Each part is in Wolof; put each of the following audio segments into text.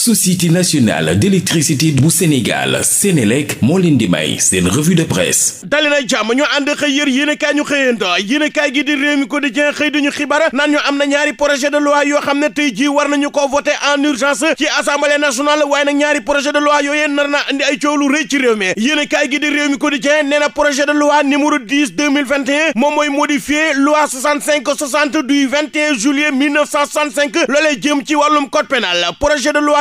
société nationale d'électricité bu Sénégal Sénélec moo leen di may seen revue de presse dali jàmm ñu ànd xëy yër yéenekaay ñu xëyanto yéenekaay gi di Rewmi Quotidien xëy duñu xibaar naan ñu am na ñaari projet de loi yoo xam ne tey jii war nañu ko voter en urgence ci assemblée nationale waaye nag ñaari projet de loi yooyee nar na andi ay coow lu rëy ci réew mi yéenekaay gi di Rewmi Quotidien nee na projet de loi numéro moom mooy modifier loi 65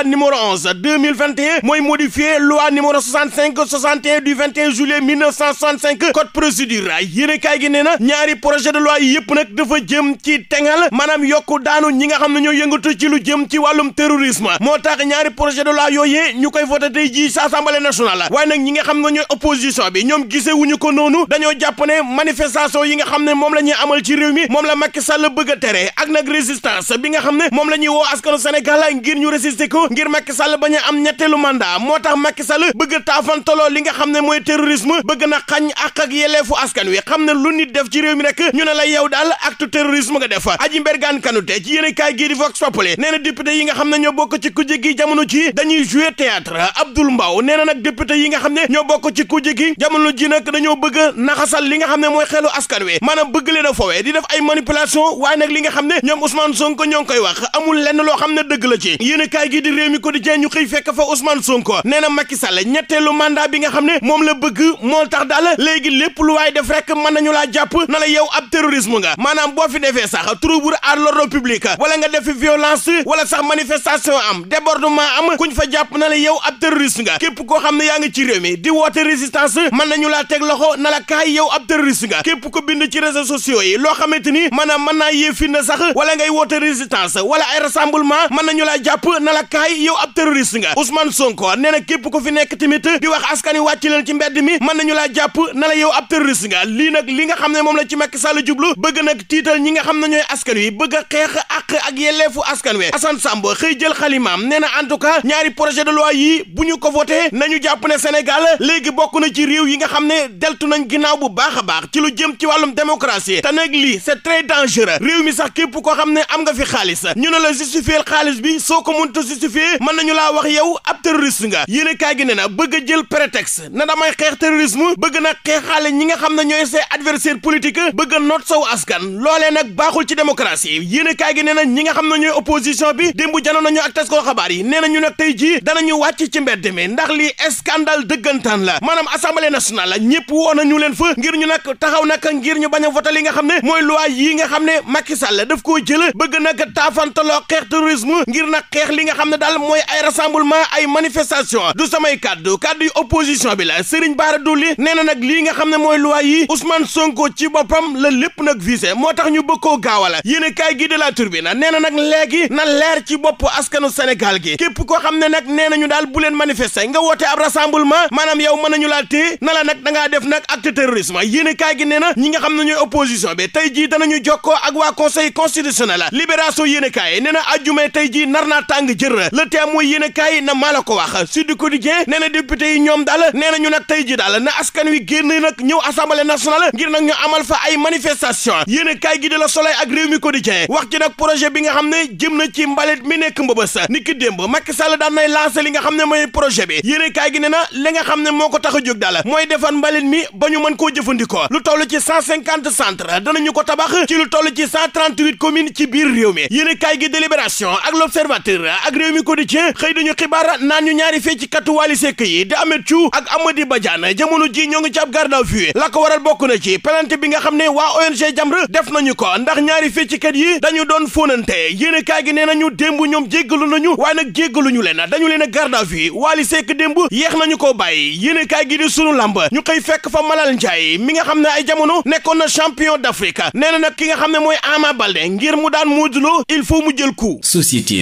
numéro 11 2021 mooy modifier loi numéro 65 61 du 21 juillet 1965 code procédure yéenekaay gi nee na ñaari projet de loi yëpp nag dafa jëm ci tengal maanaam yokk daanu ñi nga xam ne ñoo yëngatu ci lu jëm ci wàllum terrorisme moo tax ñaari projet de loi yooyee ñu koy voté tey jii sa assemblée nationale waaye nag ñi nga xam ne ñooy bi ñoom gisee wuñu ko noonu dañoo jàpp ne manifestation yi nga xam ne moom la ñuy amal ci réew mi moom la Macky Sall bëgg a tere ak nag résistance bi nga xam ne moom la ñuy woo askanu Sénégal ngir ñu résister ngir Macky Sall bañ a am ñetteelu mandat moo tax Macky Sall bëgg li nga xam ne mooy terrorisme bëgg na xañ àq wi xam ne lu nit def ci réew mi rek ñu ne la yow daal acte terrorisme nga def aji mbergaan kanute ci yéen kaay gii di vox populi nee na député yi nga xam ne ñoo bokk ci kujje gi jamono ci dañuy jouer théâtre Abdoul Mbaw nee na nag député yi nga xam ne ñoo bokk ci kujje gi jamono ji nag dañoo bëgg naxasal li nga xam ne mooy xelu askan wi maanaam bëgg leen a fowe di def ay manipulation waaye nag li nga xam ne ñoom Ousmane Sonko ñoo ngi koy wax amul lenn loo xam ne dëgg la ci réew mi quotidien ñu xëy fekk fa Ousmane Sonko nee na Macky Sall ñetteelu mandat bi nga xam ne moom la bëgg moo tax daal léegi lépp lu waay def rek mën nañu laa jàpp na la yow ab terrorisme nga maanaam boo fi defee sax trouble à l'ordre public wala nga def violence wala sax manifestation am débordement am kuñ fa jàpp na la yow ab terroriste nga képp koo xam ne yaa ngi ci réew mi di woote résistance mën nañu laa teg loxo na la kaay yow ab terroriste nga képp ko bind ci réseaux sociaux yi loo xamante ni maanaam mën naa yee fi na sax wala ngay woote résistance wala ay rassemblement mën nañu laa jàpp na la kaay yow ab terroriste nga Ousmane son nee na képp ku fi nekk tamit di wax askan wi wàcc leen ci mbedd mi mën nañu laa jàpp na la yow ab terroriste nga lii nag li nga xam ne moom la ci Macky Sall jublu bëgg nag tiital ñi nga xam ne ñooy askan wi bëgg a xeex àq ak yelleefu askan wi Assane Samb xëy jël xalimaam nee na en tout cas ñaari projet de loi yi bu ñu ko voté nañu jàpp ne Sénégal léegi bokk na ci réew yi nga xam ne deltu nañ ginnaaw bu baax a baax ci lu jëm ci wàllum démocratie te nag lii c'est très dangereux réew sax képp koo xam ne am nga fi xaalis ñu ne la justifier xaalis bi soo ko mënta mën nañu laa wax yow ab terroriste nga yéen kaay gi ne na bëgg a jël prétexte na damay xeex terrorisme bëgg nag xeexaale ñi nga xam ne ñooy say adversaire politique bëgg a noot saw askan loolee nag baaxul ci démocratie yéen kaay gi ne na ñi nga xam na ñooy opposition bi démb janoon nañu ak tas koo yi nee na ñu nag tey jii danañu wàcc ci mbedd mi ndax lii scandale dëggantaan la maanaam assemblée nationale la ñëpp woo nañu leen fa ngir ñu nag taxaw nag ngir ñu bañ a li nga xam ne mooy loi yi nga xam ne Macky Sall daf koo jël bëgg nag taafantaloo xeex terrorisme ngir li nga xam ne daal mooy ay rassemblement ay manifestation du samay kàddu kàddu yi opposition bi la Serigne Bara du nee na nag lii nga xam ne mooy loi yi Ousmane Sonko ci boppam la lépp nag visé moo tax ñu bëgg koo gaawala yéen a kaay gi de la na nee na nag léegi na leer ci bopp askanu Sénégal gi képp koo xam ne nag nee nañu daal bu leen manifester nga woote ab rassemblement maanaam yow mën nañu laa téye na la nag da ngaa def nag acte terrorisme yéen a kaay gi nee na ñi nga xam ne ñooy opposition bi tey jii danañu jokkoo ak waa conseil constitutionnel libération yéen a kaay nee na ajjumee tey jii nar naa tàng jër te mooy yéen kaay na maa la ko wax Sud Quotidien nee na député yi ñoom daal nee na ñu nag tey ji daal na askan wi génn nag ñëw assemblée nationale ngir nag ñu amal fa ay manifestation yéen kaay gi de la Soleil ak réew mi Quotidien wax ci nag projet bi nga xam ne jëm na ci mbalit mi nekk mbëbës ni ki démb Macky Sall daan nay lancé li nga xam ne mooy projet bi yéen kaay gi nee na nga xam ne moo ko tax a jóg daal mooy defar mbalit mi ba ñu mën koo jëfandikoo lu toll ci cent cinquante centres danañu ko tabax ci lu toll ci cent trente huit communes ci biir réew mi yéen kaay quotidien xëy dañu xibaar naa ñu ñaari feccikatu Wally Seck yi di Ameth Thiou ak Amady Badiane jamono ji ñoo ngi ci ab garde à vue waral bokk na ci plainte bi nga xam ne waa ONG Jamra def nañu ko ndax ñaari feccikat yi dañu doon foonante yéene kaay gi nee nañu démb ñoom jéggalu nañu waaye nag jéggaluñu leen dañu leen a garde à vue Wally Seck démb yeex nañu ko bàyyi yéene kaay gi di sunu làmb ñu koy fekk fa Malal Ndiaye mi nga xam ne ay jamono nekkoon na champion d'Afrique nee na ki nga xam ne mooy Ama Baldé ngir mu daan Modou Lô il faut mu jël coup société